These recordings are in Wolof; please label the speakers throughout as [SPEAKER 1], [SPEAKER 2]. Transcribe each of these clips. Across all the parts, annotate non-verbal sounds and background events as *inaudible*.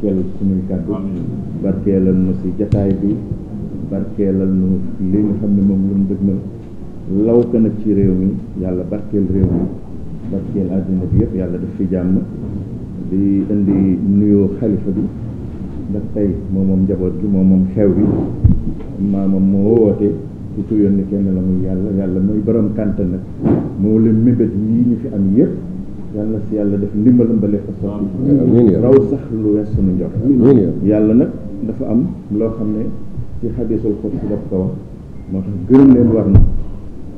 [SPEAKER 1] barkeelal suñuy kàddu barkeelal na si jataay bi barkeelal nu li nga xam ne moom lu mu dëgmal law ko nag ci réew mi yàlla barkeel réew mi barkeel àddina bi yëpp yàlla def fi jàmm di indi nuyoo xalifa bi ndax tey moom njaboot gi moom moom xew bi maamam moo woote ci tuyoon ni kenn la muy yàlla yàlla muy borom kàntan nag moo leen mébét yii ñu fi am yëpp yàlla na si yàlla def ndimbalam ba lépp raw sax lu wees sunu njort yàlla nag dafa am loo xam ne ci xadiisul xudsi daf ko wax moo tax gërëm leen war na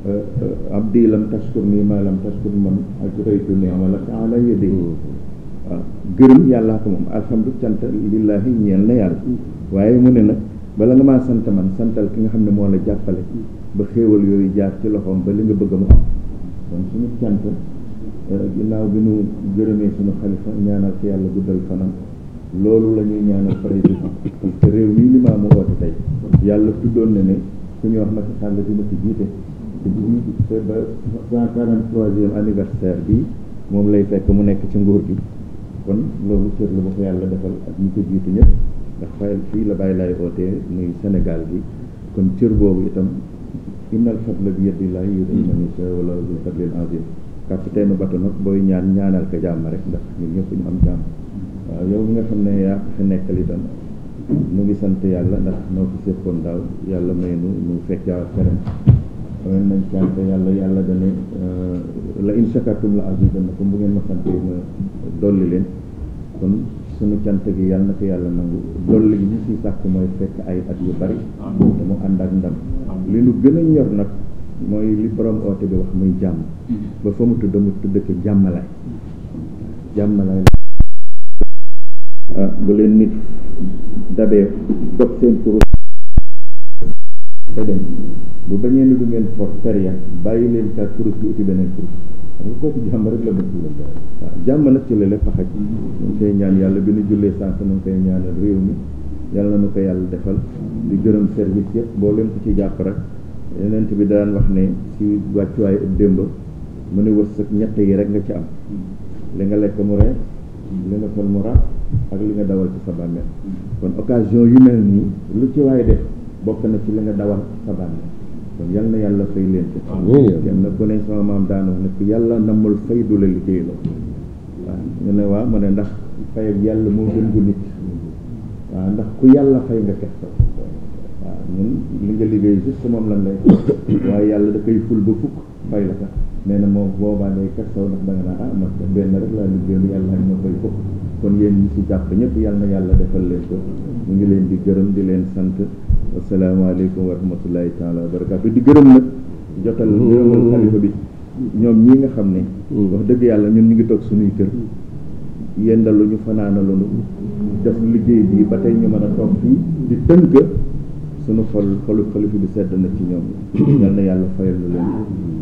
[SPEAKER 1] euh, euh, abdi lam taskur nii maa lam taskur man ak rëytu ni wala taala yëddi hmm. waaw gërëm yàllaa ko moom alhamdu cant lillaahi na yàlla hmm. waaye mu ne nag bala nga maa sant man santal ki nga xam ne moo la jàppale hmm. ba xéewal yooyu jaar ci loxoom ba li nga bëgg mu am cant ginnaaw bi nu gërëmee suñu xalifa ñaanal ci yàlla guddal fanam loolu la ñuy ñaanal président parce que réew mii li maamu oote tey yàlla tuddoon na ne su ñu wax Macky Sall ma ci jiite te bu ñu gisee ba cent quarante troisième bi moom lay fekk mu nekk ci nguur gi kon loolu cër la ba ko yàlla defal ak ñi ko jiitu ñëpp ndax fayal fii la bàyyi lay ootee muy Sénégal gi kon cër boobu itam innal fadla bi yadillahi yu'tiihi man yashaa'u wa lahu dhul capitaine bato nag booy ñaan ñaanal ko jàmm rek ndax ñun ñëpp ñu am jàmm waaw yow mi nga xam ne yaa fi nekkal itam nu ngi sant yàlla ndax noo fi séqoon daal yàlla may nu nu fekkaa karen amen nañ sant yàlla yàlla dane euh, la in shakartum la azidannakum bu ngeen ma sant ma dolli leen kon suñu cant gi yàlla na yàlla nangu dolli gi ñu si sàkk mooy fekk ay at yu bari te mu ànd ak ndam li nu gën a ñor nag mooy li borom oote bi wax muy jam hmm. ba fa mu tudd mu tudd ko jàmmalaay hmm. jàmmalaay uh, bu leen nit dabee dog seen kuru dem bu bañee ni du for feria ya. bàyyi len ka kurus bi uti beneen kurus jam nga kooku jàmm rek la bëgg waaw jàmm nag ci la lépp xaj ñu ngi koy ñaan yàlla bi nu jullee sànq nu ngi koy ñaanal réew mi yàlla na ko yàlla defal di gërëm service ko ci rek yeneen bi daan wax ne ci wàccuwaay ak démb mu ne wërsëg ñett yi rek nga ci am li nga lekk mu reer li nga sol mu raat ak li nga dawal ci sa bàmmeel kon occasion yu mel nii lu ci waaye def bokk na ci li nga dawal sa bàmmeel kon yal na yàlla fay leen ci kenn ku ne sama maam namul fay du la liggéey la waaw ñu ne waaw mu ne ndax fay ak yàlla moo gën gu nit waaw ndax ku yàlla fay nga kex ñun li nga liggéey juste moom lan lay *coughs* waaye yàlla dafay ful ba fukk fay la ka nee na moom boobaa ngay kastaw ndax da nga naa ah, benn rek laa liggéeyal yàlla ma koy fukk kon yéen ñi si jàpp ñëpp yàlla na yàlla defal leen ko ñu ngi leen di gërëm di leen sant asalaamaaleykum wa rahmatullahi taala wa barakaatu di gërëm nag jotal gërëmal xalifa bi ñoom ñii nga xam ne wax dëgg yàlla ñun ñu ngi toog suñuy kër yendalu ñu fanaana fanaanalu def liggéey bii ba tey ñu mën a toog fii di tënk sunu fol xolu xolu fi di sedd na ci ñoom yal na yàlla fayal lu leen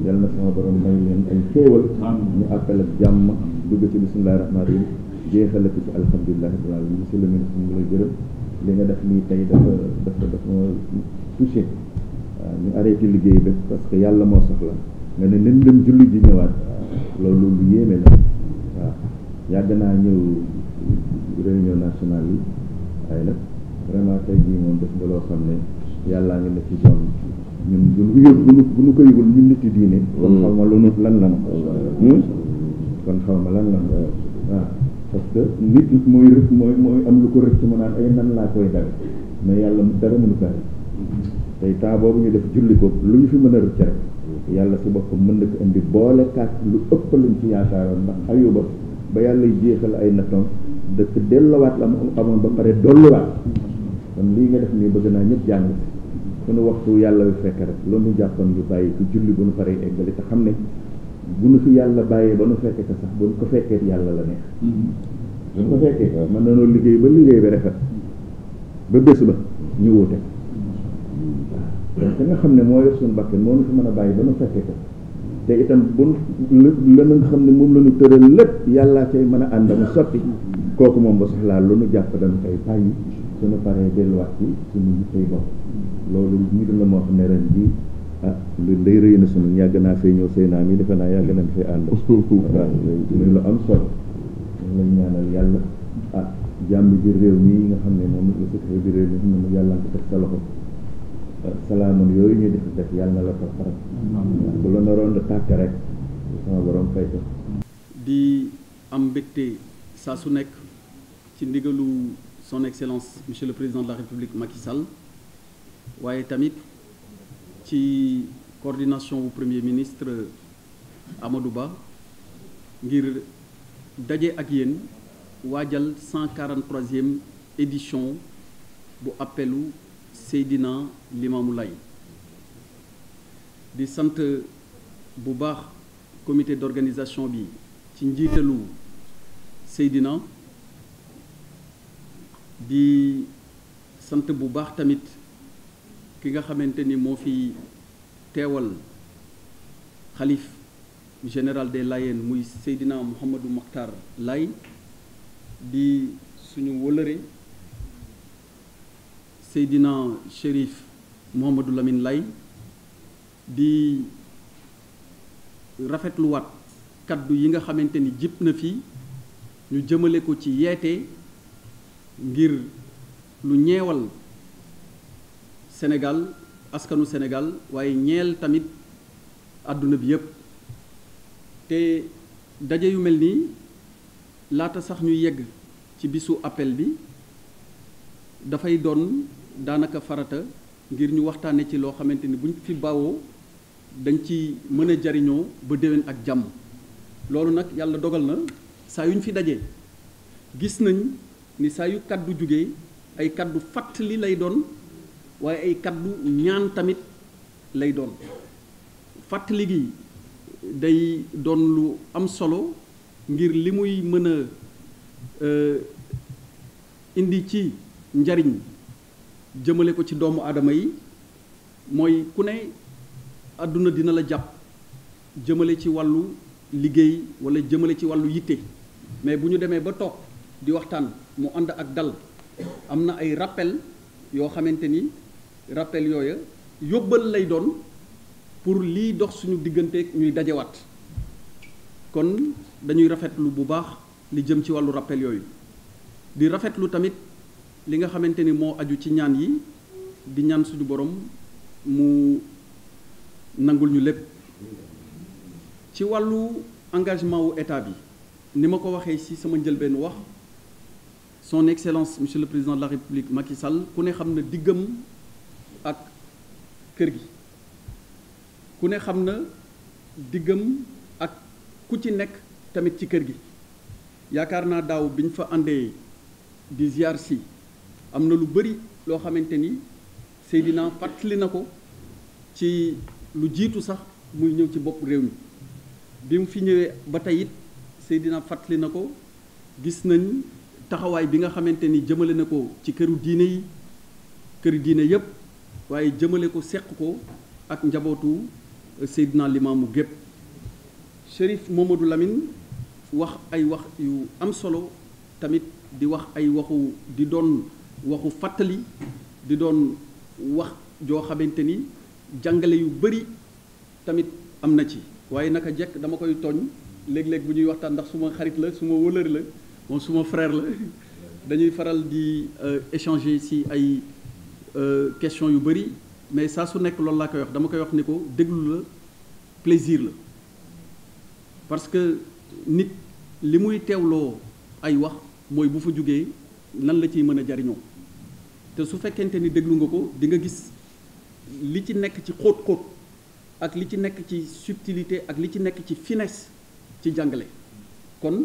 [SPEAKER 1] yal na sama borom may leen ay xéewal ñu appel ak jàmm dugg ci bisimilahi rahmaani rahim jeexal ak ci alhamdulilahi rabbil alamin monsieur li nga def nii tey dafa dafa dafa touché waaw ñu arrêté liggéey bi parce que yàlla moo soxla nga ne nen dem julli ji ñëwaat loolu lu yéeme la waaw yàgg naa ñëw réunion nationale yi waaye nag vraiment tey jii moom def nga loo xam ne yàlla ngi ne ci jom ñun bu yëg bu ñu bu ñu ko yëgul ñun nit yi diine. Mm. kon xaw ma lu lan lan. Mm. Hmm? kon xaw lan lan mm. waaw parce que nit nit mooy rëcc mooy am lu ko rëcc mu naan ay nan laa koy dal mais yàlla dara mënu ko tey temps boobu ñu def julli ko lu ñu fi mën a rëcc rek yàlla si boppam mën na ko indi boole kaat lu ëpp luñ ci yaakaaroon ndax ayuba ba yàlla jeexal ay nattoon dëkk delluwaat la mu amoon ba pare dolluwaat. kon lii nga def nii bëgg naa ñëpp jàng si sunu waxtu yàlla lu fekke rek loolu ñu jàppoon ñu bàyyi ko julli bu nu paree eggali te xam ne bu nu fi yàlla bàyyee ba nu fekkee ko sax bu ko fekkee yàlla la neex mm-hmm. bu ko fekkee mën na noonu liggéey ba liggéey bi rafet ba bés ba ñu wuute waaw te xam ne moo yor suñu bakkan moo nu fi mën a bàyyi ba nu fekkee ko te itam bu la xam ne moom la ñu tëral lépp yàllaa cay mën a ànd mu sotti kooku moom ba laa lu nu jàpp dañu koy bàyyi suñu paree delluwaat ci suñu yittey loolu mbir moo xam ne ren ji ah lu day rëy na suñu yàgg naa fee ñëw naa yàgg nañ fee ànd *laughs* waaw muy lu am solo lañ ñaanal yàlla ah jàmm ji réew mi nga xam ne moom la secret bi réew mi xam ne mu yàlla ah, yooyu ñuy def def la ko faral rek sama borom fay ko
[SPEAKER 2] su nekk ci ndigalu son excellence monsieur le président de la république Macky Sall waaye tamit ci coordination au premier ministre Amadou Ba ngir Dajé ak yéen wadjal 143e édition bu de Seydina l'imam Lay di sante comité d'organisation bi ci Seydina di sant bu baax tamit ki nga xamante ni moo fi teewal xalif général de Layènes muy Seydina Mouhamadou Makhtar Laye di suñu wëlëre Seydina Chérif Mouhamadou Lamine lay di rafetluwaat kàddu yi nga xamante ni jip na fii ñu jëmale ko ci yeete ngir lu ñeewal Sénégal askanu Sénégal waaye ñeel tamit àdduna bi yépp te daje yu mel nii laata sax ñu yegg ci bisu appel bi dafay doon daanaka farata ngir ñu waxtaane ci loo xamante ni buñ fi bawoo dañ ci mën a jariñoo ba déwén ak jàmm loolu nag yàlla dogal na saa yuñ ñu fi dajee gis nañ ni saa yu kaddu jugee ay kaddu fàttali lay doon waaye ay kaddu ñaan tamit lay doon gi day doon lu am solo ngir li muy mën a euh, indi ci njariñ adamai, ko ci doomu dinala yi mooy ku ne àdduna dina la jàpp jëmale ci wàllu liggéey wala jëmale ci yitte mais ba di mu ànd ak dal am ay rappel yo xamante ni rappel yo yóbbal lay doon pour lii dox suñu diggante ñuy kon dañuy rafetlu bu baax li jëm ci wàllu rappel yooyu di rafetlu tamit li nga xamante ni moo aju ci ñaan yi di ñaan suñu borom mu nangul ñu lépp ci wàllu engagement wu état bi ni ma ko waxee si sama njëlbeen wax son excellence monsieur le président de la république Macky Sall ku ne xam digam ak kër gi ku ne xam digam ak ku ci nek tamit ci kër gi yaakaar naa daaw fa andé di lu Seydina ci lu jitu sax muy ci fi Seydina gis taxawaay bi nga xamante ni jëmale na ko ci këru diine yi këru diine yépp waaye jëmale ko seq ko ak njabootu euh, Seydina Limaamu gépp Chérif Mamadou Lamine wax ay wax yu am solo tamit di wax ay waxu di doon waxu fàttali di doon wax joo xamante ni jàngale yu bari tamit am na ci waaye naka jekk dama koy tooñ léeg-léeg bu ñuy waxtaan ndax suma xarit la suma wëlër la bonsoir mon frère la dañuy faral euh, échanger ci ay euh, question mais ça su nek koy wax plaisir parce que nit li muy ay wax mooy bu fa nan la ciy mën a jariñoo su ni déglu nga ko di nga subtilité ak li finesse ci kon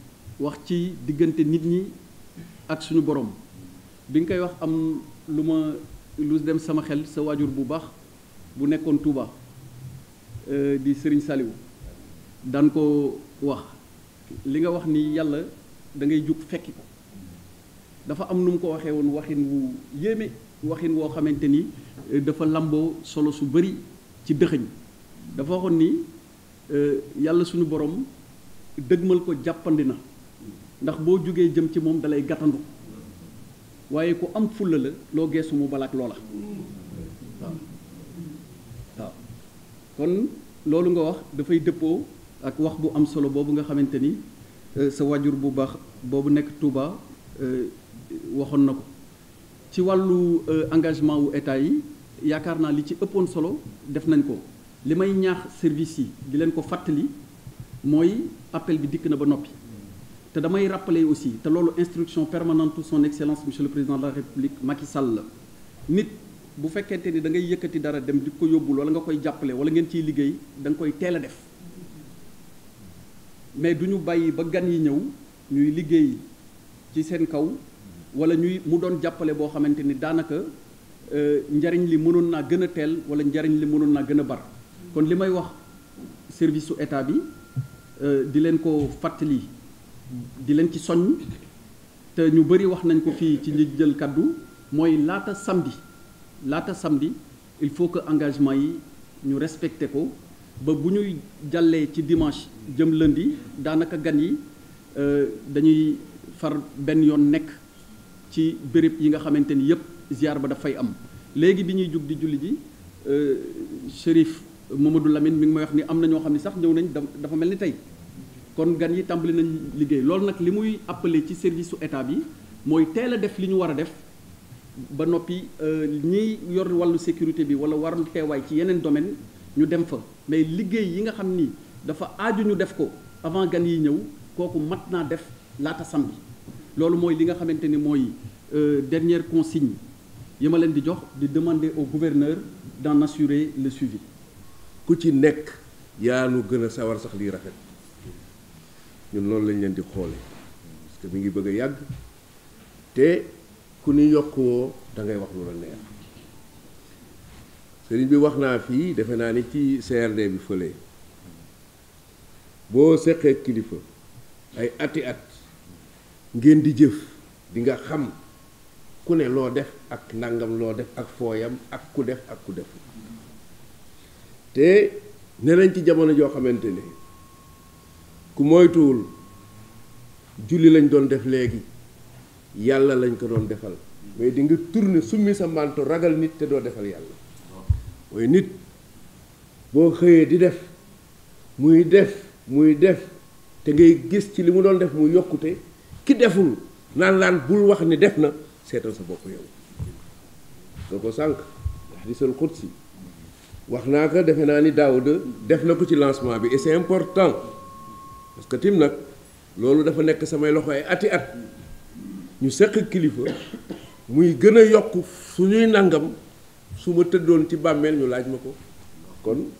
[SPEAKER 2] wax ci diggante nit ñi ak suñu borom bi nga koy wax am lu ma lu dem sama xel sa waajur bu baax bu nekkoon Touba euh, di sëriñ Saliou daan ko wax li nga wax nii yàlla dangay ngay jug fekki ko dafa am nu mu ko waxee woon waxin wu yéeme waxin woo xamante ni euh, dafa lamboo solo su bari ci dëxëñ dafa waxoon ni euh, yàlla suñu borom dëgmal ko jàppandi na ndax boo jugee jëm ci moom dalay gàttandu waaye ku am fulla la loo geesu mu balaak loola waaw kon loolu nga wax dafay dëppoo ak wax bu am solo boobu nga xamante ni euh, sa wajur bu baax boobu nekk Touba euh, waxoon na ko ci wàllu euh, engagement wu état yi yaakaar naa li ci ëppoon solo def nañ ko li may ñaax service yi di leen ko fàttali mooy appel bi dikk na ba noppi te damay rappeler aussi te loolu instruction permanente son excellence monsieur le président de la république Macky Sall la nit bu fekkente ni da ngay yëkkati dara dem di ko yóbbul wala nga koy jàppale wala ngeen ciy liggéey da nga koy teel def mais du ñu bàyyi ba gan yi ñëw ñuy liggéey ci seen kaw wala ñuy mu doon jàppale boo xamante ni daanaka euh, njariñ li mënoon naa gën a teel wala njariñ li mënoon naa gën bar kon li may wax service su état bi euh, di leen ko fàttali. di leen ci soññ te ñu bëri wax nañ ko fii ci ñi jël kaddu mooy laata samedi laata samedi il faut que engagement yi ñu respecté ko ba bu ñuy jàllee ci dimanche jëm lundi daanaka gan yi euh, dañuy far benn yoon nekk ci béréb yi nga xamante ni yëpp ziar ba dafay am léegi bi ñuy jug di julli ji euh, Chérif Mamadou Lamine mi ngi may wax ni am na ñoo xam ne sax ñëw nañ dafa mel ni tey kon gan yi tambali nañ liggéey loolu nag li muy appelé ci service état bi mooy teel a def li ñu war a def ba noppi euh, ñiy yor wàllu sécurité bi wala warul teewaay ci yeneen domaine ñu dem fa mais liggéey yi nga xam ni dafa aaju ñu def ko avant gan yi ñëw kooku mat naa def laata bi loolu mooy li nga xamante ni mooy euh, dernière consigne yi ma leen di jox di demander au gouverneur d'en assurer le suivi ku ci nekk yaa
[SPEAKER 3] nu gën a sawar sax lii rafet ñun noonu lañ leen di xoole parce que mi ngi bëgg a yàgg te ku ni yokk woo da ngay wax lu la neex sëriñ bi wax naa fii defe naa ni ci CRD bi fële boo seqee kilifa ay ati at ngeen di jëf dinga xam ku ne loo def ak nangam loo def ak fooyam ak ku def ak ku def te ne nañ ci jamono joo xamante ne ku moytuwul julli lañ doon def léegi yàlla lañ ko doon defal mais di nga tourner summi sa manto ragal nit te doo defal yàlla mooy nit boo xëyee di def muy def muy def te ngay gis ci li mu doon def mu yokkute ki deful naan laan bul wax ni def na seetal sa bopp yow soo ko sànq hadiisul qudsi wax naa ko defe naa ni Daawuda def na ko ci lancement bi et c'est important parce que tim nag loolu dafa nekk samay loxo ay ati at ñu seq kilifa muy gën a yokk suñuy nangam su ma tëddoon ci bàmmeel ñu laaj ma ko kon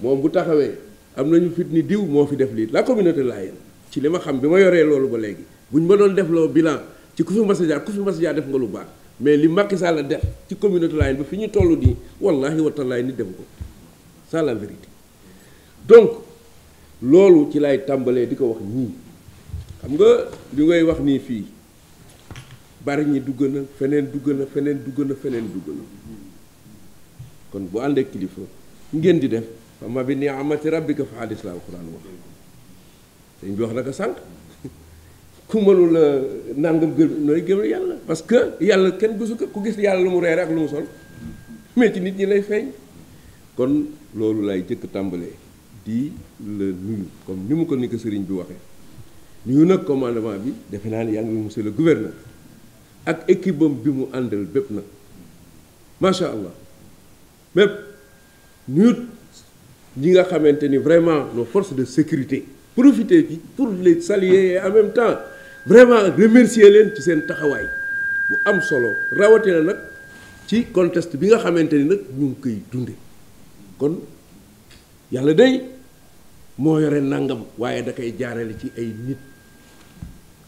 [SPEAKER 3] moom bu taxawee am nañu fit ni diw moo fi def lii la communauté laayeen ci li ma xam bi ma yoree loolu ba léegi buñ ma doon defloo loo bilan ci ku fi mas a jaar ku fi mas a jaar def nga lu baax mais li Macky Sall la def ci communauté laayeen ba fi ñu toll nii wallaahi wa taalaay ni dem ko c'est la vérité donc. loolu ci lay tàmbalee di ko wax ñii xam nga li ngay wax nii fii bari ñi dugg na feneen dugg na feneen dugg na feneen dugg na kon bu àndee kilifa ngeen di def fama bi ni'mati rabbika fa hadis la alquran wax dañ bi wax naka sànq ku mënul nangam gëm nooy gëm yàlla parce que yàlla kenn gisu ko ku gis yàlla lu mu reere ak lu mu sol mais ci nit ñi lay feeñ kon loolu lay jëkk tàmbalee di le nuyu comme ni mu ko ni ko sëriñ bi waxee nuyu nag commandement bi defe naa ne yaa ngi monsieur le gouverneur ak équipe bam bi mu àndal bépp nag macha allah bépp nuyu ñi nga xamante ni vraiment nos forces de sécurité profité ci pour les saluer et en même temps vraiment remercier leen ci seen taxawaay bu am solo rawatina nag ci contexte bi nga xamante ni nag ñu ngi koy dunde kon yàlla day Moy yore nangam waaye da koy jaarale ci ay nit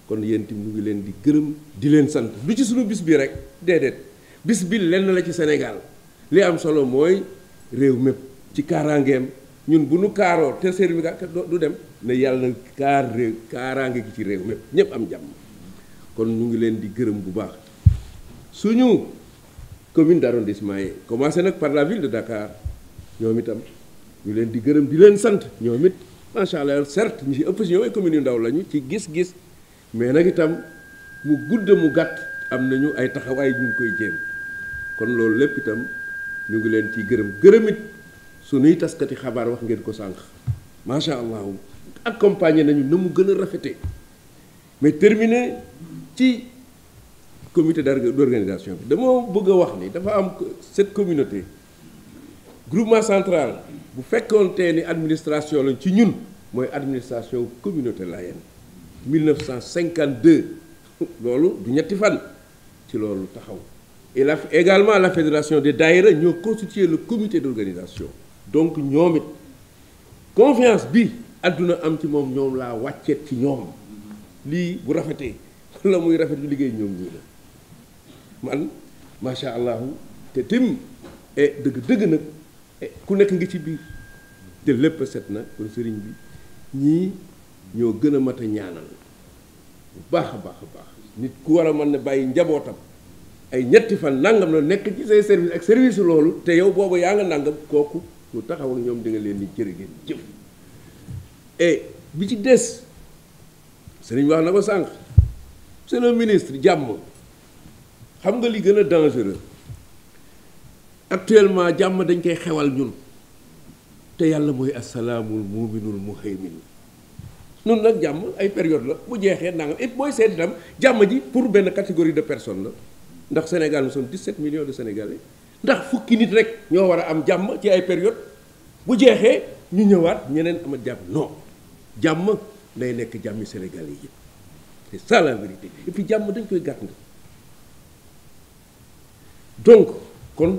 [SPEAKER 3] kon yéen tim ngi di gërëm di leen sant lu ci sunu bis bi rek déedéet bis bi lenn la ci Sénégal li am solo mooy réew mépp ci kaaraangeem ñun bu nu kaaroo te seer bi du dem ne yàlla na kaar réew gi ci réew mépp ñëpp am jam. kon ñu ngi di gërëm bu baax suñu commune d' arrondissement yi commencé nag par la ville de Dakar ñoom itam ñu leen di gërëm di leen sant ñoom it macha allah certes ñi ci ëpp si ñoom ay communes ndaw lañu ci gis-gis mais nag itam mu gudd mu gàtt am nañu ay taxawaay ñu ngi koy jéem kon loolu lépp itam ñu ngi leen ci gërëm gërëm it suñuy taskati xabaar wax ngeen ko sànq macha allah accompagner nañu na mu gën a rafetee mais terminer ci comité d'organisation bi dama bëgg a wax nii dafa am cette communauté. groupement central bu faites compter administration l'administration ci ñun administration communauté 1952 lolu du ñetti fan et également la fédération des daïra ñoo constitué le comité d'organisation donc nous confiance bi nous, am ci ci bu *laughs* Eh, ku nekk ngi ci biir te lépp set na kon sëriñ bi ñii ñoo gën a mat a ñaanal bu baax a baax baax nit ku war a mën na bàyyi njabootam ay ñetti fan nangam la nekk ci say service ak service loolu te yow boobu yaa nga nangam kooku ku taxaw ak ñoom di nga leen di jërë ngeen jëf eh, bi ci des sëriñ wax na ko sànq monsieur le ministre jàmm xam nga li gën a dangereux actuellement jàmm dañ koy xewal ñun te yàlla mooy asalaamul muuminul muhaymin ñun nag jàmm ay période la bu jeexee nangam it booy seet itam jàmm ji pour benn catégorie de personnes la ndax Sénégal nous sommes 17 millions de Sénégalais ndax fukki nit rek ñoo war a am jàmm ci ay période bu jeexee ñu ñëwaat ñeneen ama jàmm non jàmm day nekk jàmmi Sénégalais yi c'est ça la vérité et jàmm dañ koy gàtt donc kon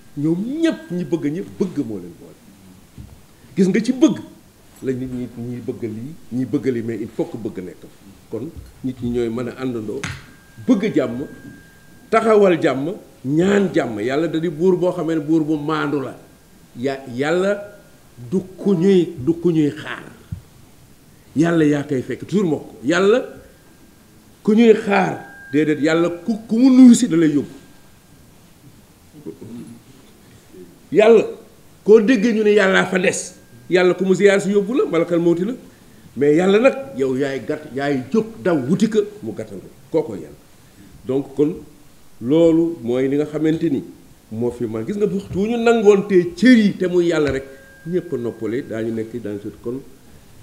[SPEAKER 3] ñoom ñëpp ñi bëgg ñëpp bëgg moo leen boole gis nga ci bëgg la nit ñi ñi bëgg lii ñi bëgg lii mais il faut que bëgg nekk kon nit ñi ñooy mën a àndandoo bëgg jàmm taxawal jàmm ñaan jàmm yàlla da buur boo xamee ne buur bu maandu la ya yàlla du ku ñuy du ku ñuy xaar yàlla yaa koy fekk toujours ko yàlla ku ñuy xaar déedéet yàlla ku ku mu nuyu si da yóbbu yàlla koo déggee ñu ne yàllaa fa des yàlla ku mu ziyaar si yóbbu la malakal mawti la mais yàlla nag yow yaay gat yaay jóg daw wuti ka mu gàttandu kooko yàlla donc kon loolu mooy ni nga xamante ni moo fi man gis nga waxtu wu ñu nangoon te cër yi te muy yàlla rek ñëpp a noppale daañu nekk daañu sut kon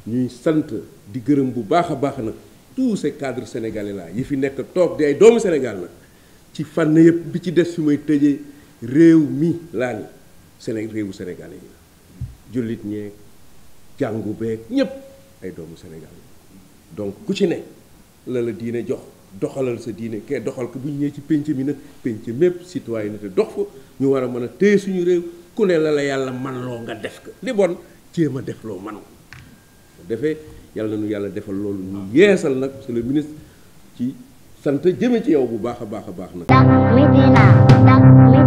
[SPEAKER 3] ñuy sant di gërëm bu baax a baax nag tous ces cadres sénégalais là yi fi nekk toog di ay doomu Sénégal nag ci fànn yëpp bi ci des fi may tëjee réew mi laa ni Séné réewu Sénégal yi la jullit ñeeg jàngu beeg ñépp ay doomu Sénégal donc ku ci ne lala la diine jox doxalal sa diine kee doxal ko bu ñu ñëwee ci pénc mi nag pénc mépp citoyenneté dox fa ñu war a mën a téye suñu réew ku ne la yàlla man loo nga def ko li bon jéem a def loo man ko defee yàlla nu yàlla defal loolu ñu yeesal nag monsieur le ministre ci sant jëme ci yow bu baax a baax a baax
[SPEAKER 1] nag